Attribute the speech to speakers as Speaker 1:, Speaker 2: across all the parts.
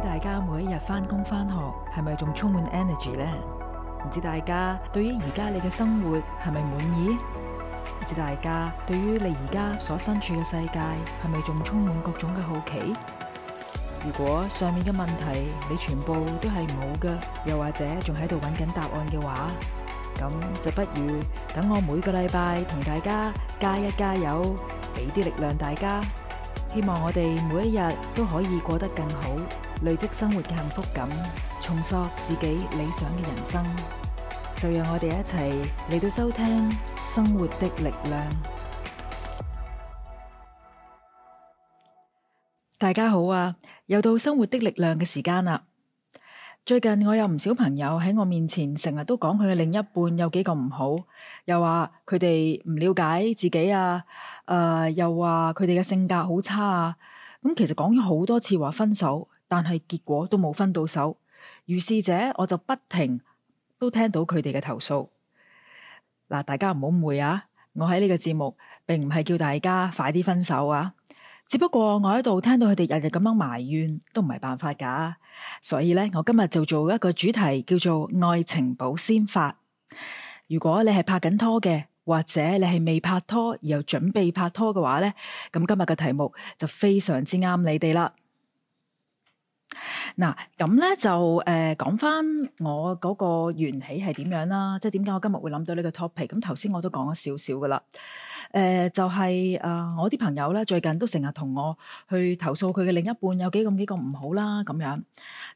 Speaker 1: 大家每一日返工返學係咪仲充滿 energy 呢？唔知大家對於而家你嘅生活係咪滿意？唔知大家對於你而家所身處嘅世界係咪仲充滿各種嘅好奇？如果上面嘅問題你全部都係冇嘅，又或者仲喺度揾緊答案嘅話，咁就不如等我每個禮拜同大家加一加油，俾啲力量大家。希望我哋每一日都可以過得更好。累積生活嘅幸福感，重塑自己理想嘅人生，就讓我哋一齊嚟到收聽《生活的力量》。大家好啊，又到《生活的力量》嘅時間啦！最近我有唔少朋友喺我面前成日都講佢嘅另一半有幾個唔好，又話佢哋唔了解自己啊，誒、呃，又話佢哋嘅性格好差啊，咁其實講咗好多次話分手。但係結果都冇分到手，於是者我就不停都聽到佢哋嘅投訴。嗱，大家唔好誤會啊！我喺呢個節目並唔係叫大家快啲分手啊，只不過我喺度聽到佢哋日日咁樣埋怨都唔係辦法噶，所以咧，我今日就做一個主題叫做愛情保鮮法。如果你係拍緊拖嘅，或者你係未拍拖而又準備拍拖嘅話咧，咁今日嘅題目就非常之啱你哋啦。嗱，咁咧就誒講翻我嗰個緣起係點樣啦，嗯、即係點解我今日會諗到呢個 topic？咁頭先我都講咗少少㗎喇。誒，就係誒，我啲朋友咧最近都成日同我去投訴佢嘅另一半有幾咁幾個唔好啦，咁樣，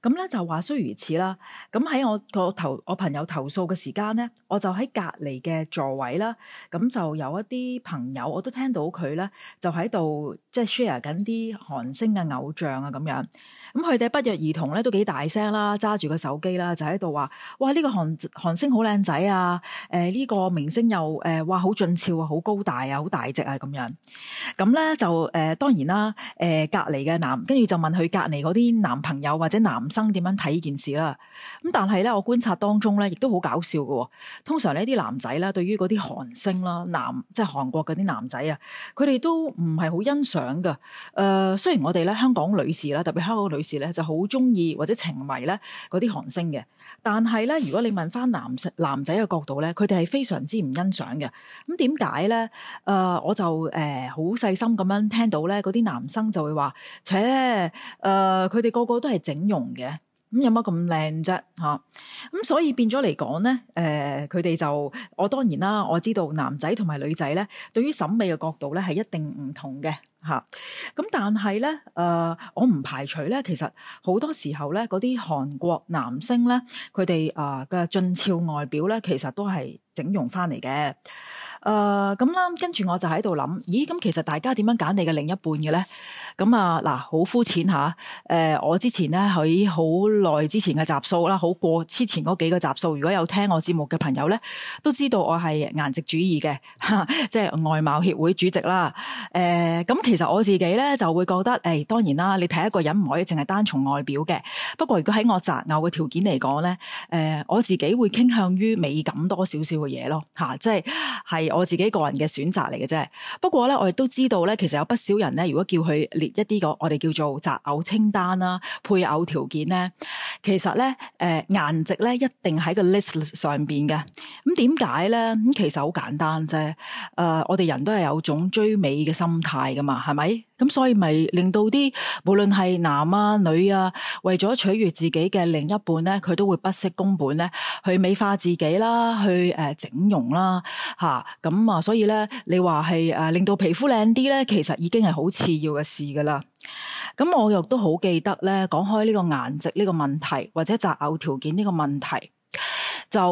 Speaker 1: 咁咧就話雖如此啦。咁喺我個投我朋友投訴嘅時間咧，我就喺隔籬嘅座位啦，咁就有一啲朋友我都聽到佢咧就喺度即係 share 緊啲韓星嘅偶像啊咁樣，咁佢哋不約而同咧都幾大聲啦，揸住個手機啦就喺度話，哇呢個韓韓星好靚仔啊，誒呢個明星又誒哇好俊俏啊，好高大。係啊，好大隻啊，咁樣咁咧就誒，當然啦，誒、呃、隔籬嘅男，跟住就問佢隔籬嗰啲男朋友或者男生點樣睇呢件事啦。咁但係咧，我觀察當中咧，亦都好搞笑嘅。通常呢啲男仔咧，對於嗰啲韓星啦，男即係韓國嗰啲男仔啊，佢哋都唔係好欣賞嘅。誒，雖然我哋咧香港女士啦，特別香港女士咧就好中意或者情迷咧嗰啲韓星嘅，但係咧，如果你問翻男男仔嘅角度咧，佢哋係非常之唔欣賞嘅。咁點解咧？誒、呃，我就誒好細心咁樣聽到咧，嗰啲男生就會話，且誒佢哋個個都係整容嘅，咁有乜咁靚啫？吓、啊，咁、嗯、所以變咗嚟講咧，誒佢哋就我當然啦，我知道男仔同埋女仔咧，對於審美嘅角度咧係一定唔同嘅，吓。咁、啊、但係咧誒，我唔排除咧，其實好多時候咧，嗰啲韓國男星咧，佢哋啊嘅俊俏外表咧，其實都係整容翻嚟嘅。誒，咁啦、呃，跟住我就喺度諗，咦？咁其實大家點樣揀你嘅另一半嘅咧？咁、嗯、啊、嗱、呃，好膚淺吓。誒、呃，我之前咧喺好耐之前嘅集數啦，好過之前嗰幾個集數。如果有聽我節目嘅朋友咧，都知道我係顏值主義嘅， 即係外貌協會主席啦。誒、呃，咁其實我自己咧就會覺得，誒、哎，當然啦，你睇一個人唔可以淨係單從外表嘅。不過如果喺我擇偶嘅條件嚟講咧，誒、呃，我自己會傾向於美感多少少嘅嘢咯，吓、啊，即係係。我自己個人嘅選擇嚟嘅啫，不過咧我亦都知道咧，其實有不少人咧，如果叫佢列一啲個我哋叫做擇偶清單啦、啊、配偶條件咧，其實咧誒顏值咧一定喺個 list, list 上邊嘅。咁點解咧？咁其實好簡單啫。誒、呃，我哋人都係有種追美嘅心態噶嘛，係咪？咁所以咪令到啲無論係男啊女啊，為咗取悦自己嘅另一半咧，佢都會不惜工本咧去美化自己啦，去誒、呃、整容啦，吓、啊。咁啊、嗯，所以咧，你話係誒令到皮膚靚啲咧，其實已經係好次要嘅事噶啦。咁、嗯、我又都好記得咧，講開呢個顏值呢個問題，或者擇偶條件呢個問題。就誒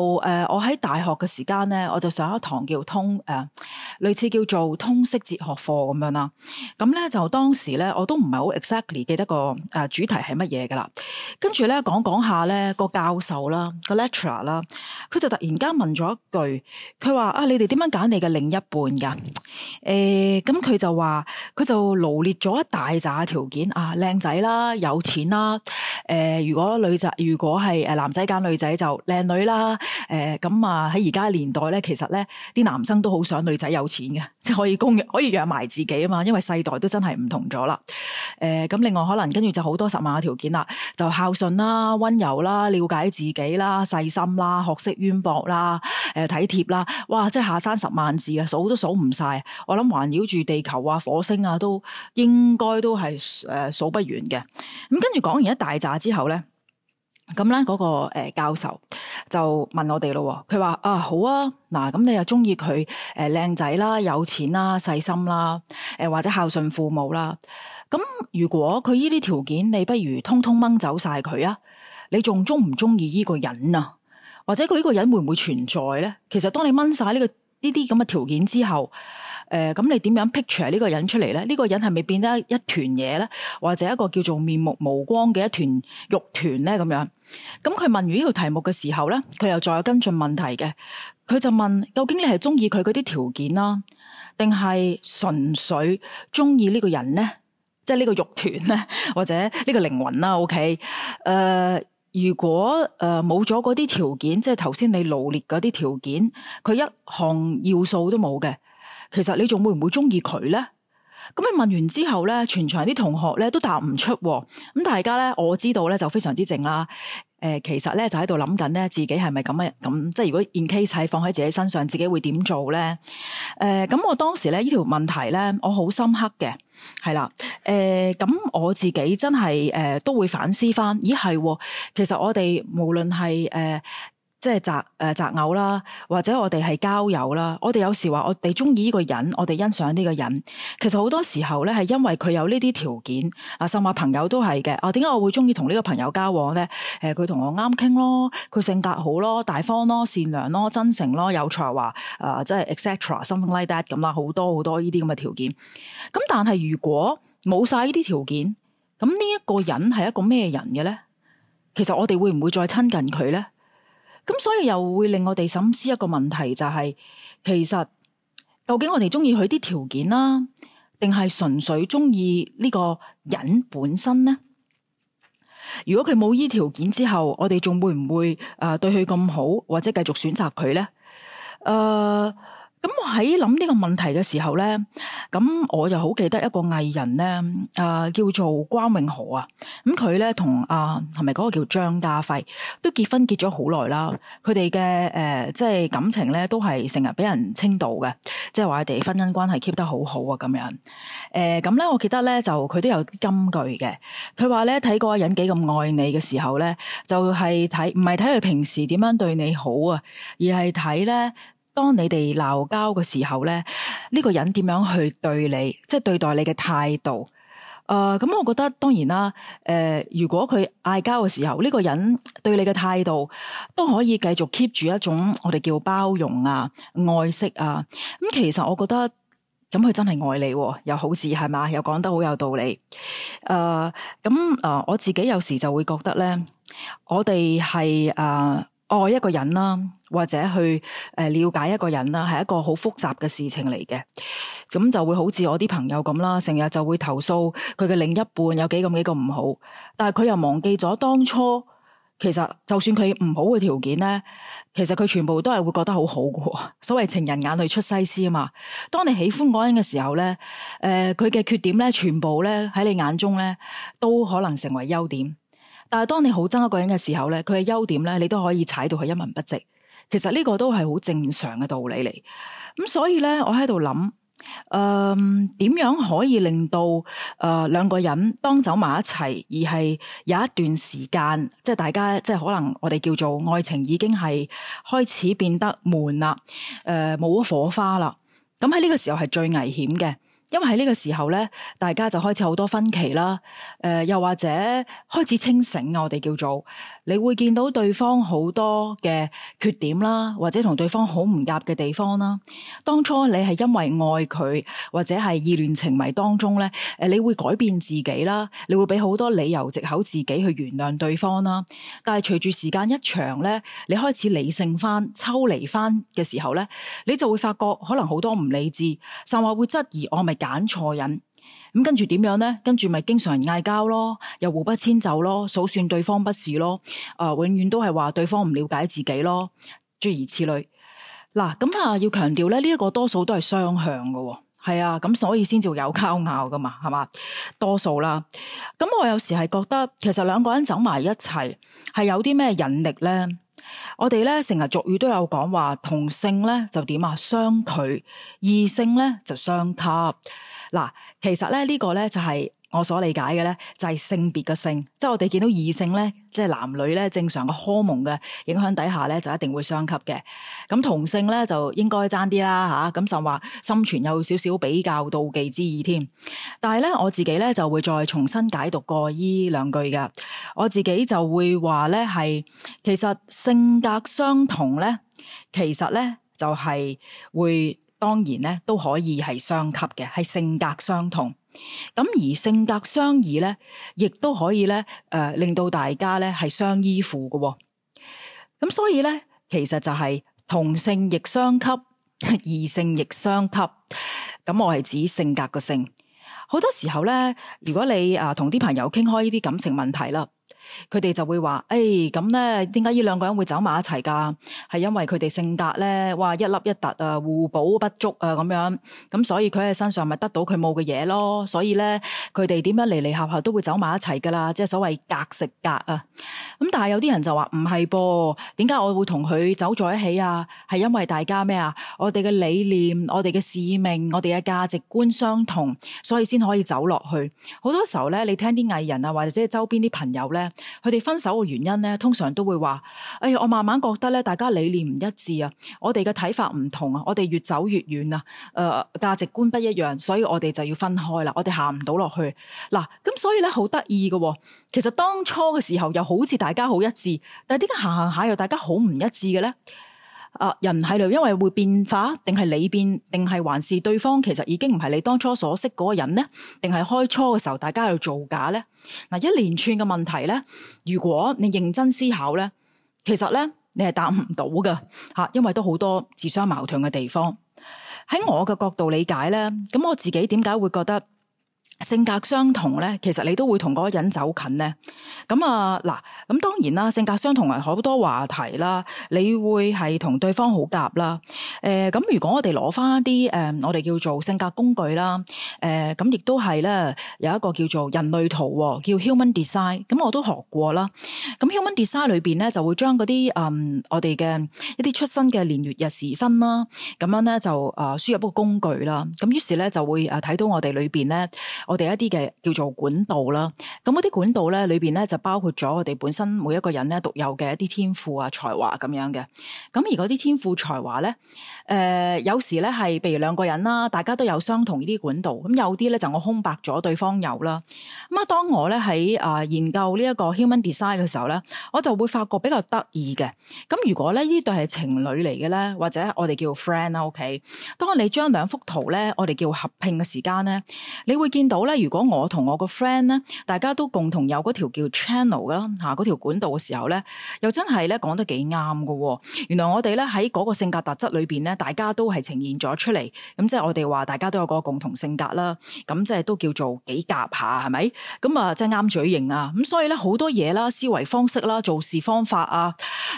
Speaker 1: 我喺大學嘅時間咧，我就上一堂叫通誒類似叫做通識哲學課咁樣啦。咁咧就當時咧，我都唔係好 exactly 記得個誒主題係乜嘢噶啦。跟住咧講講下咧個教授啦，個 lecturer 啦，佢就突然間問咗一句，佢話啊，你哋點樣揀你嘅另一半噶？誒咁佢就話佢就羅列咗一大紮條件啊，靚仔啦，有錢啦，誒、呃、如果女仔如果係誒男仔揀女仔就靚女啦。誒，咁啊喺而家年代咧，其實咧啲男生都好想女仔有錢嘅，即係可以供養，可以養埋自己啊嘛，因為世代都真係唔同咗啦。誒、呃，咁另外可能跟住就好多十萬嘅條件啦，就孝順啦、溫柔啦、了解自己啦、細心啦、學識淵博啦、誒體貼啦，哇！即係下山十萬字啊，數都數唔晒。我諗環繞住地球啊、火星啊，都應該都係誒數不完嘅。咁跟住講完一大扎之後咧，咁咧，嗰、那個誒、呃、教授就問我哋咯，佢話啊好啊，嗱咁你又中意佢誒靚仔啦、有錢啦、細心啦、誒、呃、或者孝順父母啦。咁如果佢呢啲條件，你不如通通掹走晒佢啊你仲中唔中意呢個人啊？或者佢呢個人會唔會存在咧？其實當你掹晒呢個呢啲咁嘅條件之後。誒，咁、呃、你點樣 picture 呢個人出嚟咧？呢、呢個人係咪變得一團嘢咧？或者一個叫做面目無光嘅一團肉團咧？咁樣，咁佢問完呢個題目嘅時候咧，佢又再有跟進問題嘅，佢就問：究竟你係中意佢嗰啲條件啦，定係純粹中意呢個人咧？即係呢個肉團咧，或者呢個靈魂啦？OK，誒、呃，如果誒冇咗嗰啲條件，即係頭先你羅列嗰啲條件，佢一項要素都冇嘅，其實你仲會唔會中意佢咧？咁你問完之後咧，全場啲同學咧都答唔出。咁大家咧，我知道咧就非常之靜啦。誒、呃，其實咧就喺度諗緊咧，自己係咪咁嘅？咁即係如果 in case 放喺自己身上，自己會點做咧？誒、呃，咁我當時咧呢條問題咧，我好深刻嘅，係啦。誒、呃，咁我自己真係誒、呃、都會反思翻。咦，係，其實我哋無論係誒。呃即係擇誒擇偶啦，或者我哋係交友啦。我哋有時話我哋中意呢個人，我哋欣賞呢個人。其實好多時候咧，係因為佢有呢啲條件嗱，甚至朋友都係嘅。啊，點解我會中意同呢個朋友交往咧？誒、呃，佢同我啱傾咯，佢性格好咯，大方咯，善良咯，真誠咯，有才華誒、呃，即係 etcetera, something like that 咁啦，好多好多呢啲咁嘅條件。咁但係如果冇晒呢啲條件，咁呢一個人係一個咩人嘅咧？其實我哋會唔會再親近佢咧？咁所以又會令我哋審思一個問題，就是，就係其實究竟我哋中意佢啲條件啦，定係純粹中意呢個人本身呢？如果佢冇依條件之後，我哋仲會唔會誒對佢咁好，或者繼續選擇佢呢？誒、呃。咁我喺諗呢個問題嘅時候咧，咁我就好記得一個藝人咧，啊、呃，叫做關詠荷啊。咁佢咧同啊係咪嗰個叫張家輝都結婚結咗好耐啦。佢哋嘅誒，即係感情咧，都係成日俾人稱道嘅，即係話佢哋婚姻關係 keep 得好好啊，咁樣。誒、呃，咁咧我記得咧就佢都有金句嘅，佢話咧，睇嗰個人幾咁愛你嘅時候咧，就係睇唔係睇佢平時點樣對你好啊，而係睇咧。當你哋鬧交嘅時候咧，呢個人點樣去對你，即係對待你嘅態度？誒、呃，咁我覺得當然啦。誒、呃，如果佢嗌交嘅時候，呢個人對你嘅態度都可以繼續 keep 住一種我哋叫包容啊、愛惜啊。咁其實我覺得，咁佢真係愛你喎，又好似係嘛，又講得好有道理。誒、呃，咁誒、呃，我自己有時就會覺得咧，我哋係誒。呃愛一個人啦，或者去誒了解一個人啦，係一個好複雜嘅事情嚟嘅。咁就會好似我啲朋友咁啦，成日就會投訴佢嘅另一半有幾咁幾個唔好，但係佢又忘記咗當初其實就算佢唔好嘅條件咧，其實佢全部都係會覺得好好嘅。所謂情人眼裏出西施啊嘛，當你喜歡嗰個人嘅時候咧，誒佢嘅缺點咧，全部咧喺你眼中咧都可能成為優點。但係當你好憎一個人嘅時候咧，佢嘅優點咧，你都可以踩到佢一文不值。其實呢個都係好正常嘅道理嚟。咁所以咧，我喺度諗，誒、呃，點樣可以令到誒兩、呃、個人當走埋一齊，而係有一段時間，即係大家即係可能我哋叫做愛情已經係開始變得悶啦，誒、呃，冇咗火花啦。咁喺呢個時候係最危險嘅。因為喺呢個時候咧，大家就開始好多分歧啦。誒、呃、又或者開始清醒啊，我哋叫做。你會見到對方好多嘅缺點啦，或者同對方好唔夾嘅地方啦。當初你係因為愛佢，或者係意亂情迷當中咧，誒，你會改變自己啦，你會俾好多理由藉口自己去原諒對方啦。但係隨住時間一長咧，你開始理性翻、抽離翻嘅時候咧，你就會發覺可能好多唔理智，甚至會質疑我係咪揀錯人。咁跟住點樣咧？跟住咪經常嗌交咯，又互不遷就咯，數算對方不是咯，誒、呃，永遠都係話對方唔了解自己咯，諸如此類。嗱、啊，咁啊要強調咧，呢、這、一個多數都係雙向嘅，係啊，咁所以先至有交拗噶嘛，係嘛，多數啦。咁我有時係覺得，其實兩個人走埋一齊係有啲咩引力咧？我哋咧成日俗語都有講話，同性咧就點啊，相拒；異性咧就相吸。嗱，其實咧呢、這個咧就係、是。我所理解嘅咧，就係性別嘅性，即係我哋見到異性咧，即係男女咧，正常嘅荷蒙嘅影響底下咧，就一定會相吸嘅。咁同性咧就應該爭啲啦，吓咁就話心存有少少比較妒忌之意添。但係咧，我自己咧就會再重新解讀過呢兩句嘅。我自己就會話咧係，其實性格相同咧，其實咧就係會當然咧都可以係相吸嘅，係性格相同。咁而性格相異咧，亦都可以咧誒、呃，令到大家咧係相依附嘅，哦。咁、嗯、所以咧，其實就係同性亦相吸，異性亦相吸。咁、嗯、我係指性格個性。好多時候咧，如果你啊同啲朋友傾開呢啲感情問題啦。佢哋就會話：誒、欸，咁咧，點解呢兩個人會走埋一齊噶？係因為佢哋性格咧，哇，一凹一凸啊，互補不足啊，咁樣咁、嗯，所以佢喺身上咪得到佢冇嘅嘢咯。所以咧，佢哋點樣離離合合都會走埋一齊噶啦，即係所謂隔食隔啊。咁但係有啲人就話唔係噃，點解、啊、我會同佢走在一起啊？係因為大家咩啊？我哋嘅理念、我哋嘅使命、我哋嘅價值觀相同，所以先可以走落去。好多時候咧，你聽啲藝人啊，或者周邊啲朋友咧。佢哋分手嘅原因咧，通常都會話：哎，我慢慢覺得咧，大家理念唔一致啊，我哋嘅睇法唔同啊，我哋越走越遠啊，誒、呃，價值觀不一樣，所以我哋就要分開啦，我哋行唔到落去。嗱，咁所以咧，好得意嘅，其實當初嘅時候又好似大家好一致，但係點解行行下又大家好唔一致嘅咧？啊！人喺度，因為會變化，定係你變，定係還是對方？其實已經唔係你當初所識嗰個人呢？定係開初嘅時候大家喺度做假呢？嗱，一連串嘅問題呢，如果你認真思考呢，其實呢，你係答唔到㗎吓，因為都好多自相矛盾嘅地方。喺我嘅角度理解呢，咁我自己點解會覺得？性格相同咧，其實你都會同嗰個人走近咧。咁啊嗱，咁當然啦，性格相同係好多話題啦，你會係同對方好夾啦。誒、呃，咁如果我哋攞翻一啲誒、呃，我哋叫做性格工具啦。誒、呃，咁亦都係咧有一個叫做人類圖，叫 Human Design。咁我都學過啦。咁 Human Design 裏邊咧就會將嗰啲誒我哋嘅一啲出生嘅年月日時分啦，咁樣咧就誒輸入一個工具啦。咁於是咧就會誒睇到我哋裏邊咧。我哋一啲嘅叫做管道啦，咁嗰啲管道咧，裏邊咧就包括咗我哋本身每一個人咧獨有嘅一啲天賦啊、才華咁樣嘅。咁而嗰啲天賦才華咧，誒、呃、有時咧係譬如兩個人啦，大家都有相同呢啲管道，咁有啲咧就我空白咗對方有啦。咁啊，當我咧喺啊研究呢一個 human design 嘅時候咧，我就會發覺比較得意嘅。咁如果咧呢對係情侶嚟嘅咧，或者我哋叫 friend 啦，OK。當你將兩幅圖咧，我哋叫合拼嘅時間咧，你會見到。好咧！如果我同我個 friend 咧，大家都共同有嗰條叫 channel 噶啦，吓嗰條管道嘅時候咧，又真係咧講得幾啱噶。原來我哋咧喺嗰個性格特質裏邊咧，大家都係呈現咗出嚟。咁即係我哋話大家都有個共同性格啦。咁即係都叫做幾夾下，係咪？咁啊，即係啱嘴型啊。咁所以咧，好多嘢啦，思維方式啦，做事方法啊，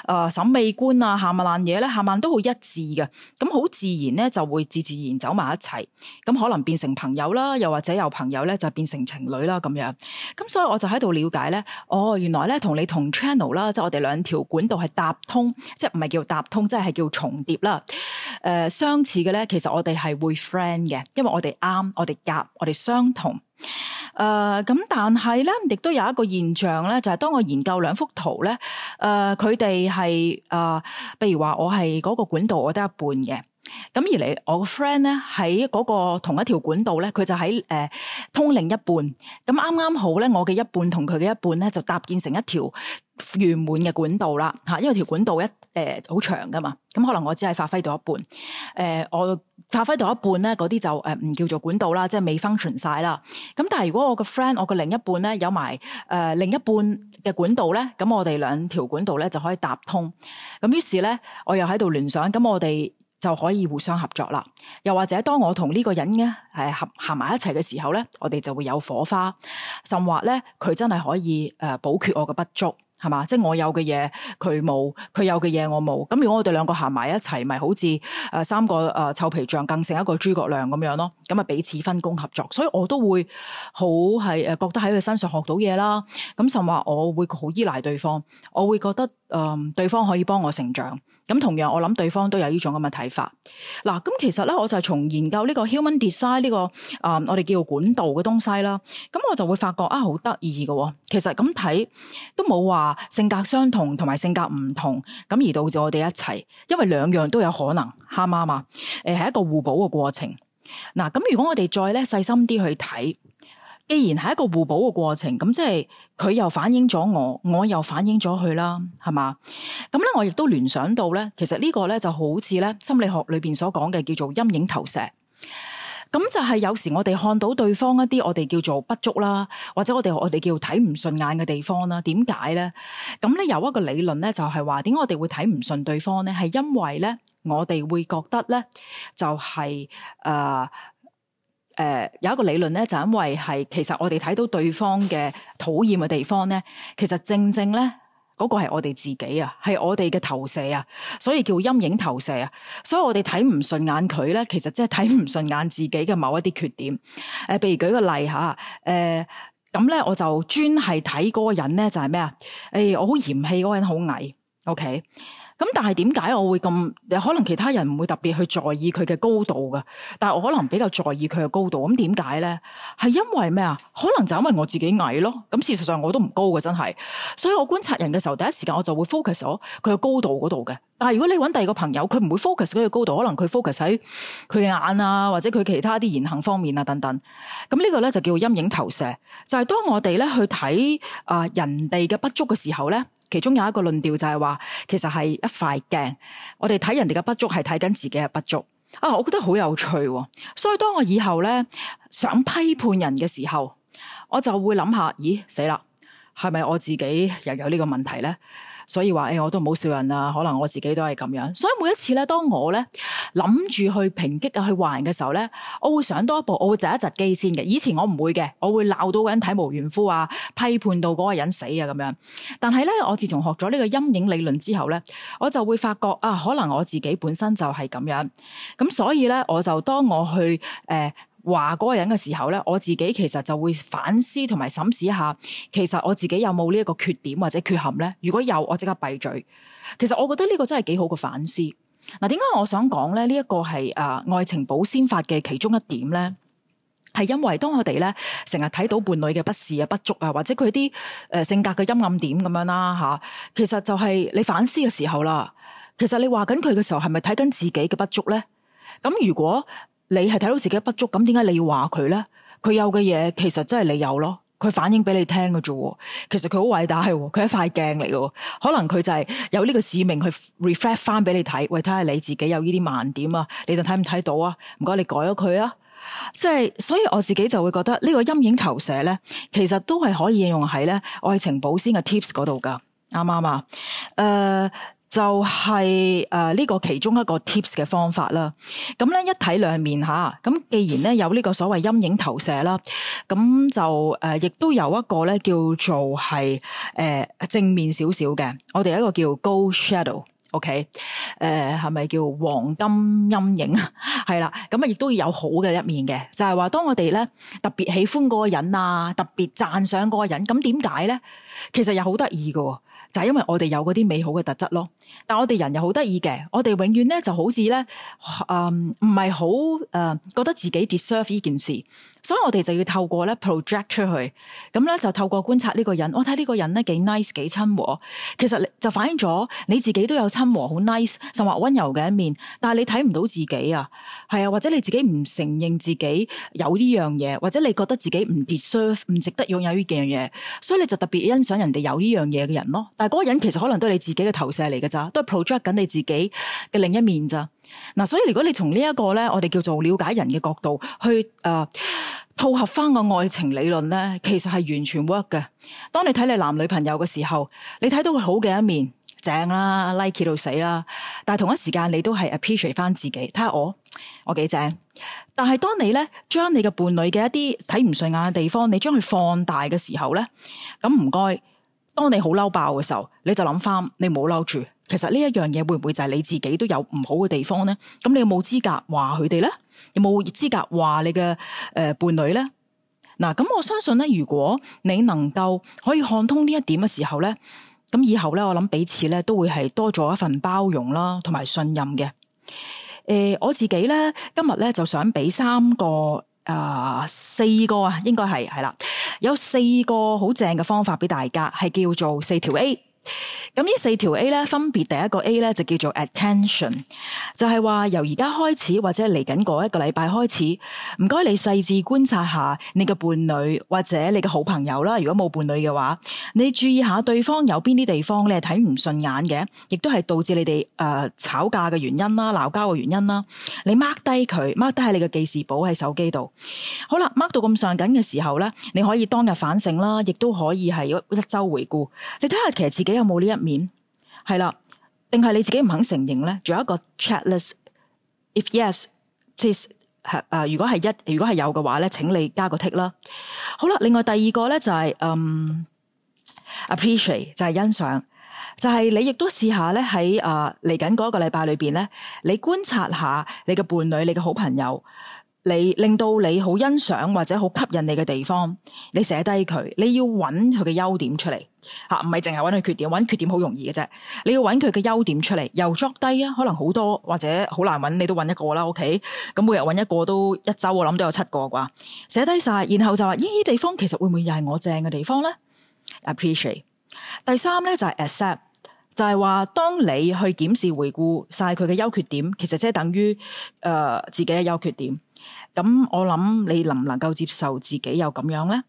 Speaker 1: 誒，審美觀啊，冚唪唥爛嘢咧，冚唪唥都好一致嘅。咁好自然咧，就會自自然走埋一齊。咁可能變成朋友啦，又或者有朋友。朋友咧就變成情侶啦，咁樣，咁所以我就喺度了解咧，哦，原來咧同你同 Channel 啦，即係我哋兩條管道係搭通，即係唔係叫搭通，即係叫重疊啦。誒、呃，相似嘅咧，其實我哋係會 friend 嘅，因為我哋啱，我哋夾，我哋相同。誒、呃，咁但係咧，亦都有一個現象咧，就係、是、當我研究兩幅圖咧，誒、呃，佢哋係誒，譬、呃、如話我係嗰個管道，我得一半嘅。咁而嚟，我個 friend 咧喺嗰個同一條管道咧，佢就喺誒、呃、通另一半。咁啱啱好咧，我嘅一半同佢嘅一半咧，就搭建成一條圓滿嘅管道啦。吓，因為條管道一誒好、呃、長噶嘛，咁可能我只係發揮到一半。誒、呃，我發揮到一半咧，嗰啲就誒唔叫做管道啦，即係未封存晒啦。咁但係如果我個 friend，我嘅另一半咧有埋誒、呃、另一半嘅管道咧，咁我哋兩條管道咧就可以搭通。咁於是咧，我又喺度聯想，咁我哋。就可以互相合作啦。又或者，當我同呢個人嘅誒合行埋一齊嘅時候咧，我哋就會有火花。甚或咧，佢真係可以誒補缺我嘅不足，係嘛？即係我有嘅嘢佢冇，佢有嘅嘢我冇。咁如果我哋兩個行埋一齊，咪好似誒、呃、三個誒、呃、臭皮匠，更勝一個諸葛亮咁樣咯。咁啊彼此分工合作，所以我都會好係誒覺得喺佢身上學到嘢啦。咁甚或我會好依賴對方，我會覺得。誒，um, 對方可以幫我成長，咁同樣我諗對方都有呢種咁嘅睇法。嗱、啊，咁其實咧，我就係從研究呢個 Human Design 呢、這個誒、嗯，我哋叫管道嘅東西啦，咁我就會發覺啊，好得意嘅。其實咁睇都冇話性格相同同埋性格唔同，咁而導致我哋一齊，因為兩樣都有可能，啱唔啱啊？誒、呃，係一個互補嘅過程。嗱、啊，咁如果我哋再咧細心啲去睇。既然係一個互補嘅過程，咁即係佢又反映咗我，我又反映咗佢啦，係嘛？咁咧，我亦都聯想到咧，其實呢個咧就好似咧心理學裏邊所講嘅叫做陰影投射。咁就係有時我哋看到對方一啲我哋叫做不足啦，或者我哋我哋叫睇唔順眼嘅地方啦，點解咧？咁咧有一個理論咧就係話，點解我哋會睇唔順對方咧？係因為咧我哋會覺得咧就係、是、誒。呃誒、呃，有一個理論咧，就因為係其實我哋睇到對方嘅討厭嘅地方咧，其實正正咧嗰個係我哋自己啊，係我哋嘅投射啊，所以叫陰影投射啊。所以我哋睇唔順眼佢咧，其實即係睇唔順眼自己嘅某一啲缺點。誒、呃，譬如舉個例吓，誒、呃，咁咧我就專係睇嗰個人咧，就係咩啊？誒、欸，我好嫌棄嗰個人好矮。OK。咁但係點解我會咁？可能其他人唔會特別去在意佢嘅高度㗎，但係我可能比較在意佢嘅高度。咁點解咧？係因為咩啊？可能就因為我自己矮咯。咁事實上我都唔高嘅，真係。所以我觀察人嘅時候，第一時間我就會 focus 咗佢嘅高度嗰度嘅。但如果你揾第二個朋友，佢唔會 focus 喺佢高度，可能佢 focus 喺佢嘅眼啊，或者佢其他啲言行方面啊等等。咁、這、呢個咧就叫做陰影投射。就係、是、當我哋咧去睇啊人哋嘅不足嘅時候咧，其中有一個論調就係話，其實係一塊鏡，我哋睇人哋嘅不足係睇緊自己嘅不足。啊，我覺得好有趣、哦。所以當我以後咧想批判人嘅時候，我就會諗下，咦，死啦，係咪我自己又有呢個問題咧？所以話誒、欸，我都唔好笑人啦。可能我自己都係咁樣。所以每一次咧，當我咧諗住去抨擊啊，去話人嘅時候咧，我會想多一步，我會窒一窒機先嘅。以前我唔會嘅，我會鬧到嗰人體無完膚啊，批判到嗰個人死啊咁樣。但係咧，我自從學咗呢個陰影理論之後咧，我就會發覺啊，可能我自己本身就係咁樣。咁所以咧，我就當我去誒。呃話嗰個人嘅時候咧，我自己其實就會反思同埋審視一下，其實我自己有冇呢一個缺點或者缺陷？咧，如果有，我即刻閉嘴。其實我覺得呢個真係幾好嘅反思。嗱、啊，點解我想講咧？呢一個係誒愛情保鮮法嘅其中一點咧，係因為當我哋咧成日睇到伴侶嘅不是啊、不足啊，或者佢啲誒性格嘅陰暗點咁樣啦吓、啊，其實就係你反思嘅時候啦。其實你話緊佢嘅時候，係咪睇緊自己嘅不足咧？咁、啊、如果？你係睇到自己不足，咁點解你要話佢咧？佢有嘅嘢其實真係你有咯，佢反映俾你聽嘅啫。其實佢好偉大，佢係塊鏡嚟嘅，可能佢就係有呢個使命去 reflect 翻俾你睇。喂，睇下你自己有呢啲盲點啊，你就睇唔睇到啊？唔該，你改咗佢啊！即係所以我自己就會覺得呢個陰影投射咧，其實都係可以應用喺咧愛情保鮮嘅 tips 嗰度噶，啱唔啱啊？誒、呃。就係誒呢個其中一個 tips 嘅方法啦，咁咧一體兩面吓，咁既然咧有呢個所謂陰影投射啦，咁就誒、呃、亦都有一個咧叫做係誒、呃、正面少少嘅，我哋有一個叫 Gold Shadow，OK，、okay? 誒、呃、係咪叫黃金陰影啊？係 啦，咁啊亦都有好嘅一面嘅，就係、是、話當我哋咧特別喜歡嗰個人啊，特別讚賞嗰個人，咁點解咧？其實又好得意噶。就係因為我哋有嗰啲美好嘅特質咯，但我哋人又好得意嘅，我哋永遠咧就好似咧，嗯、呃，唔係好誒覺得自己 deserve 呢件事，所以我哋就要透過咧 project 出去，咁咧就透過觀察呢個人，我睇呢個人咧幾 nice 幾親和，其實就反映咗你自己都有親和好 nice，甚或溫柔嘅一面，但係你睇唔到自己啊，係啊，或者你自己唔承認自己有呢樣嘢，或者你覺得自己唔 deserve 唔值得擁有呢件樣嘢，所以你就特別欣賞人哋有呢樣嘢嘅人咯。但係嗰個人其實可能都係你自己嘅投射嚟嘅咋，都係 project 緊你自己嘅另一面咋。嗱、啊，所以如果你從呢一個咧，我哋叫做了解人嘅角度去誒套、呃、合翻個愛情理論咧，其實係完全 work 嘅。當你睇你男女朋友嘅時候，你睇到佢好嘅一面，正啦，like 到死啦。但係同一時間你都係 appreciate 翻自己，睇下我我幾正。但係當你咧將你嘅伴侶嘅一啲睇唔順眼嘅地方，你將佢放大嘅時候咧，咁唔該。當你好嬲爆嘅時候，你就諗翻，你唔好嬲住。其實呢一樣嘢會唔會就係你自己都有唔好嘅地方呢？咁你有冇資格話佢哋咧？有冇資格話你嘅誒伴侶咧？嗱，咁我相信咧，如果你能夠可以看通呢一點嘅時候咧，咁以後咧，我諗彼此咧都會係多咗一份包容啦，同埋信任嘅。誒、呃，我自己咧今日咧就想俾三個。啊，uh, 四個啊，應該係係啦，有四個好正嘅方法俾大家，係叫做四條 A。咁呢四條 A 咧，分別第一個 A 咧就叫做 attention，就係話由而家開始或者嚟緊嗰一個禮拜開始，唔該你細緻觀察下你嘅伴侶或者你嘅好朋友啦。如果冇伴侶嘅話，你注意下對方有邊啲地方你係睇唔順眼嘅，亦都係導致你哋誒、呃、吵架嘅原因啦、鬧交嘅原因啦。你 mark 低佢，mark 低喺你嘅記事簿喺手機度。好啦，mark 到咁上緊嘅時候咧，你可以當日反省啦，亦都可以係一一周回顧。你睇下其實自己。你有冇呢一面？係啦，定係你自己唔肯承認咧？仲有一個 checklist。If yes, please，啊，如果係一，如果係有嘅話咧，請你加個 tick 啦。好啦，另外第二個咧就係、是、嗯、um, appreciate 就係欣賞，就係、是、你亦都試下咧喺啊嚟緊嗰個禮拜裏邊咧，你觀察下你嘅伴侶、你嘅好朋友。你令到你好欣賞或者好吸引你嘅地方，你寫低佢。你要揾佢嘅優點出嚟吓，唔係淨係揾佢缺點，揾缺點好容易嘅啫。你要揾佢嘅優點出嚟，又捉低啊，可能好多或者好難揾，你都揾一個啦。OK，咁每日揾一個都一周，我諗都有七個啩，寫低晒，然後就話咦，呢地方其實會唔會又係我正嘅地方咧？Appreciate。第三咧就係、是、accept。就係話，當你去檢視回顧晒佢嘅優缺點，其實即係等於誒、呃、自己嘅優缺點。咁我諗你能唔能夠接受自己又咁樣咧？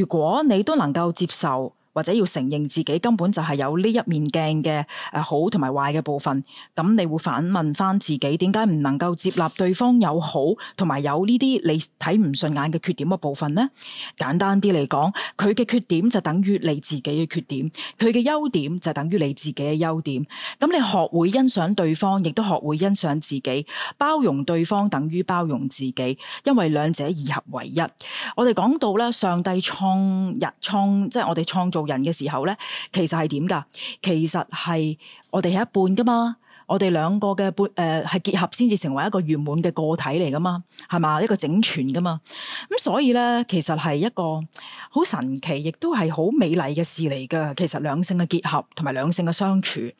Speaker 1: 如果你都能夠接受。或者要承認自己根本就係有呢一面鏡嘅誒好同埋壞嘅部分，咁你會反問翻自己，點解唔能夠接納對方有好同埋有呢啲你睇唔順眼嘅缺點嘅部分咧？簡單啲嚟講，佢嘅缺點就等於你自己嘅缺點，佢嘅優點就等於你自己嘅優點。咁你學會欣賞對方，亦都學會欣賞自己，包容對方等於包容自己，因為兩者二合為一。我哋講到咧，上帝創日創，即係我哋創造人嘅時候咧，其實係點噶？其實係我哋係一半噶嘛，我哋兩個嘅半誒係、呃、結合先至成為一個圓滿嘅個體嚟噶嘛，係嘛，一個整全噶嘛。咁所以咧，其實係一個好神奇，亦都係好美麗嘅事嚟噶。其實兩性嘅結合同埋兩性嘅相處，咁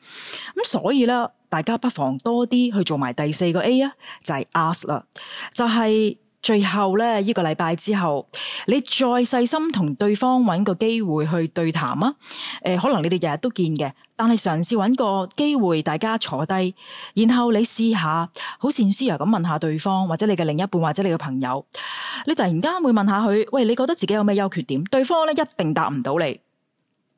Speaker 1: 所以咧，大家不妨多啲去做埋第四個 A 啊，就係 Ask 啦，就係。最後咧，呢、這個禮拜之後，你再細心同對方揾個機會去對談啊！誒、呃，可能你哋日日都見嘅，但係嘗試揾個機會，大家坐低，然後你試下好善思柔咁問下對方，或者你嘅另一半，或者你嘅朋友，你突然間會問下佢：「喂，你覺得自己有咩優缺點？對方咧一定答唔到你。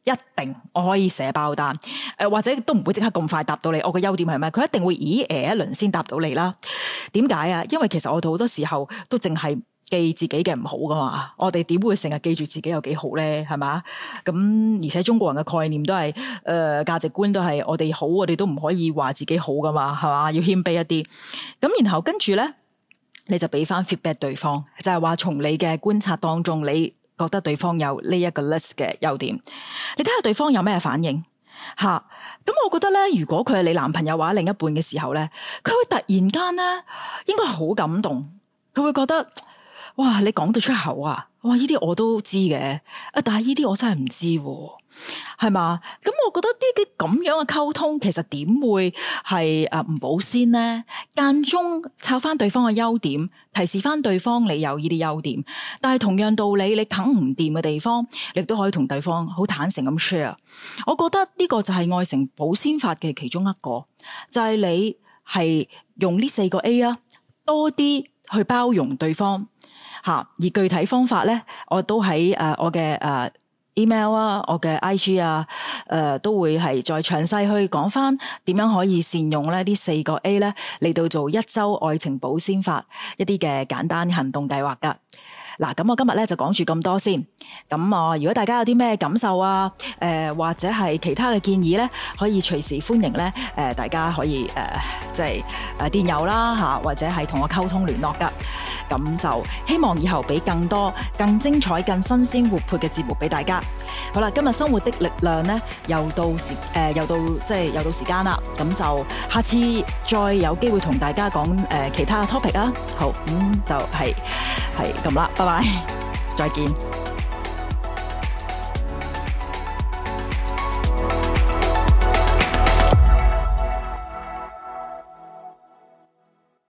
Speaker 1: 一定我可以寫爆彈，誒、呃、或者都唔會即刻咁快答到你。我嘅優點係咩？佢一定會咦，誒、呃、一輪先答到你啦。點解啊？因為其實我哋好多時候都淨係記自己嘅唔好噶嘛。我哋點會成日記住自己有幾好咧？係嘛？咁而且中國人嘅概念都係誒價值觀都係我哋好，我哋都唔可以話自己好噶嘛，係嘛？要謙卑一啲。咁然後跟住咧，你就俾翻 feedback 對方，就係、是、話從你嘅觀察當中你。覺得對方有呢一個 list 嘅優點，你睇下對方有咩反應吓？咁、啊、我覺得咧，如果佢係你男朋友或者另一半嘅時候咧，佢會突然間咧，應該好感動，佢會覺得哇，你講到出口啊！哇！呢啲我都知嘅，啊，但係呢啲我真係唔知，係嘛？咁我覺得呢啲咁樣嘅溝通，其實點會係誒唔保鮮呢？間中抄翻對方嘅優點，提示翻對方你有呢啲優點，但係同樣道理，你啃唔掂嘅地方，你都可以同對方好坦誠咁 share。我覺得呢個就係愛情保鮮法嘅其中一個，就係、是、你係用呢四個 A 啊，多啲去包容對方。吓，而具體方法咧，我都喺誒我嘅誒 email 啊、呃，我嘅 IG 啊，誒都會係再詳細去講翻點樣可以善用呢啲四個 A 咧，嚟到做一周愛情保鮮法一啲嘅簡單行動計劃噶。嗱，咁我今日咧就講住咁多先。咁啊，如果大家有啲咩感受啊，誒或者係其他嘅建議咧，可以隨時歡迎咧，誒大家可以誒即係誒電郵啦吓，或者係同我溝通聯絡噶。咁就希望以後俾更多、更精彩、更新鮮、活潑嘅節目俾大家。好啦，今日《生活的力量》咧又到時誒又到即係又到時間啦。咁就下次再有機會同大家講誒其他嘅 topic 啊。好，咁就係係咁啦，拜拜，再見。